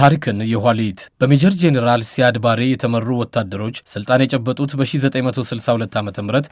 ታሪክን የኋሊት በሜጀር ጄኔራል ሲያድ ባሬ የተመሩ ወታደሮች ስልጣን የጨበጡት በ1962 ዓ ም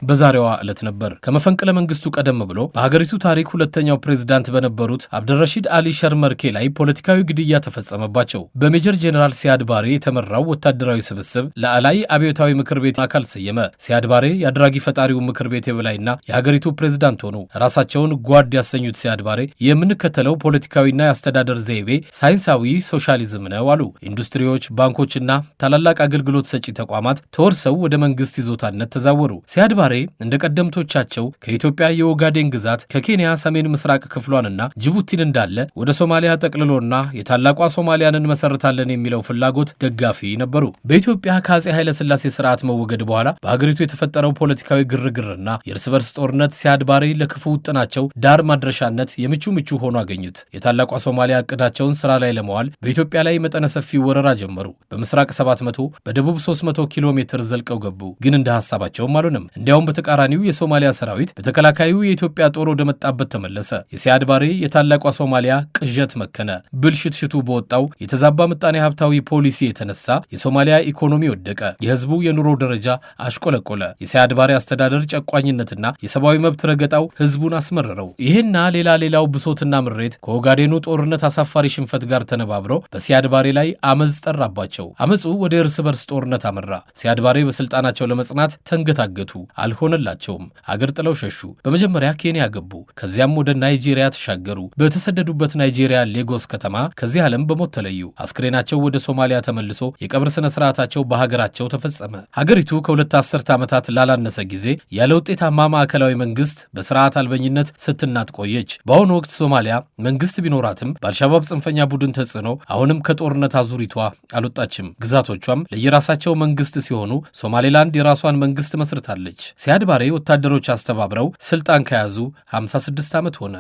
በዛሬዋ ዕለት ነበር። ከመፈንቅለ መንግስቱ ቀደም ብሎ በሀገሪቱ ታሪክ ሁለተኛው ፕሬዝዳንት በነበሩት አብደረሺድ አሊ ሸርመርኬ ላይ ፖለቲካዊ ግድያ ተፈጸመባቸው። በሜጀር ጄኔራል ሲያድ ባሬ የተመራው ወታደራዊ ስብስብ ለአላይ አብዮታዊ ምክር ቤት አካል ሰየመ። ሲያድ ባሬ የአድራጊ ፈጣሪው ምክር ቤት የበላይና የሀገሪቱ ፕሬዝዳንት ሆኑ። ራሳቸውን ጓድ ያሰኙት ሲያድ ባሬ የምንከተለው ፖለቲካዊና የአስተዳደር ዘይቤ ሳይንሳዊ ሶሻሊዝም ዝም ነው አሉ። ኢንዱስትሪዎች፣ ባንኮችና ታላላቅ አገልግሎት ሰጪ ተቋማት ተወርሰው ወደ መንግስት ይዞታነት ተዛወሩ። ሲያድ ባሬ እንደ ቀደምቶቻቸው ከኢትዮጵያ የኦጋዴን ግዛት ከኬንያ ሰሜን ምስራቅ ክፍሏንና ጅቡቲን እንዳለ ወደ ሶማሊያ ጠቅልሎና የታላቋ ሶማሊያን እንመሰርታለን የሚለው ፍላጎት ደጋፊ ነበሩ። በኢትዮጵያ ከአጼ ኃይለሥላሴ ስርዓት መወገድ በኋላ በሀገሪቱ የተፈጠረው ፖለቲካዊ ግርግርና የእርስ በርስ ጦርነት ሲያድ ባሬ ለክፉ ውጥናቸው ዳር ማድረሻነት የምቹ ምቹ ሆኖ አገኙት። የታላቋ ሶማሊያ እቅዳቸውን ስራ ላይ ለመዋል በኢትዮጵያ ላይ መጠነ ሰፊ ወረራ ጀመሩ። በምስራቅ 700 በደቡብ 300 ኪሎ ሜትር ዘልቀው ገቡ። ግን እንደ ሀሳባቸውም አልሆነም። እንዲያውም በተቃራኒው የሶማሊያ ሰራዊት በተከላካዩ የኢትዮጵያ ጦር ወደመጣበት ተመለሰ። የሲያድ ባሬ የታላቋ ሶማሊያ ቅዠት መከነ። ብልሽትሽቱ በወጣው የተዛባ ምጣኔ ሀብታዊ ፖሊሲ የተነሳ የሶማሊያ ኢኮኖሚ ወደቀ። የህዝቡ የኑሮ ደረጃ አሽቆለቆለ። የሲያድ ባሬ አስተዳደር ጨቋኝነትና የሰብአዊ መብት ረገጣው ህዝቡን አስመረረው። ይህና ሌላ ሌላው ብሶትና ምሬት ከኦጋዴኑ ጦርነት አሳፋሪ ሽንፈት ጋር ተነባብረው በሲያ ሲያድባሬ ላይ አመፅ ጠራባቸው። አመፁ ወደ እርስ በርስ ጦርነት አመራ። ሲያድባሬ በስልጣናቸው ለመጽናት ተንገታገቱ፣ አልሆነላቸውም። አገር ጥለው ሸሹ። በመጀመሪያ ኬንያ ገቡ። ከዚያም ወደ ናይጄሪያ ተሻገሩ። በተሰደዱበት ናይጄሪያ ሌጎስ ከተማ ከዚህ ዓለም በሞት ተለዩ። አስክሬናቸው ወደ ሶማሊያ ተመልሶ የቀብር ስነ ስርዓታቸው በሀገራቸው ተፈጸመ። ሀገሪቱ ከሁለት አስርት ዓመታት ላላነሰ ጊዜ ያለ ውጤታማ ማዕከላዊ መንግስት በስርዓት አልበኝነት ስትናጥ ቆየች። በአሁኑ ወቅት ሶማሊያ መንግስት ቢኖራትም በአልሻባብ ጽንፈኛ ቡድን ተጽዕኖ አሁንም ከጦርነት አዙሪቷ አልወጣችም። ግዛቶቿም ለየራሳቸው መንግስት ሲሆኑ ሶማሌላንድ የራሷን መንግስት መስርታለች። ሲያድ ባሬ ወታደሮች አስተባብረው ስልጣን ከያዙ 56 ዓመት ሆነ።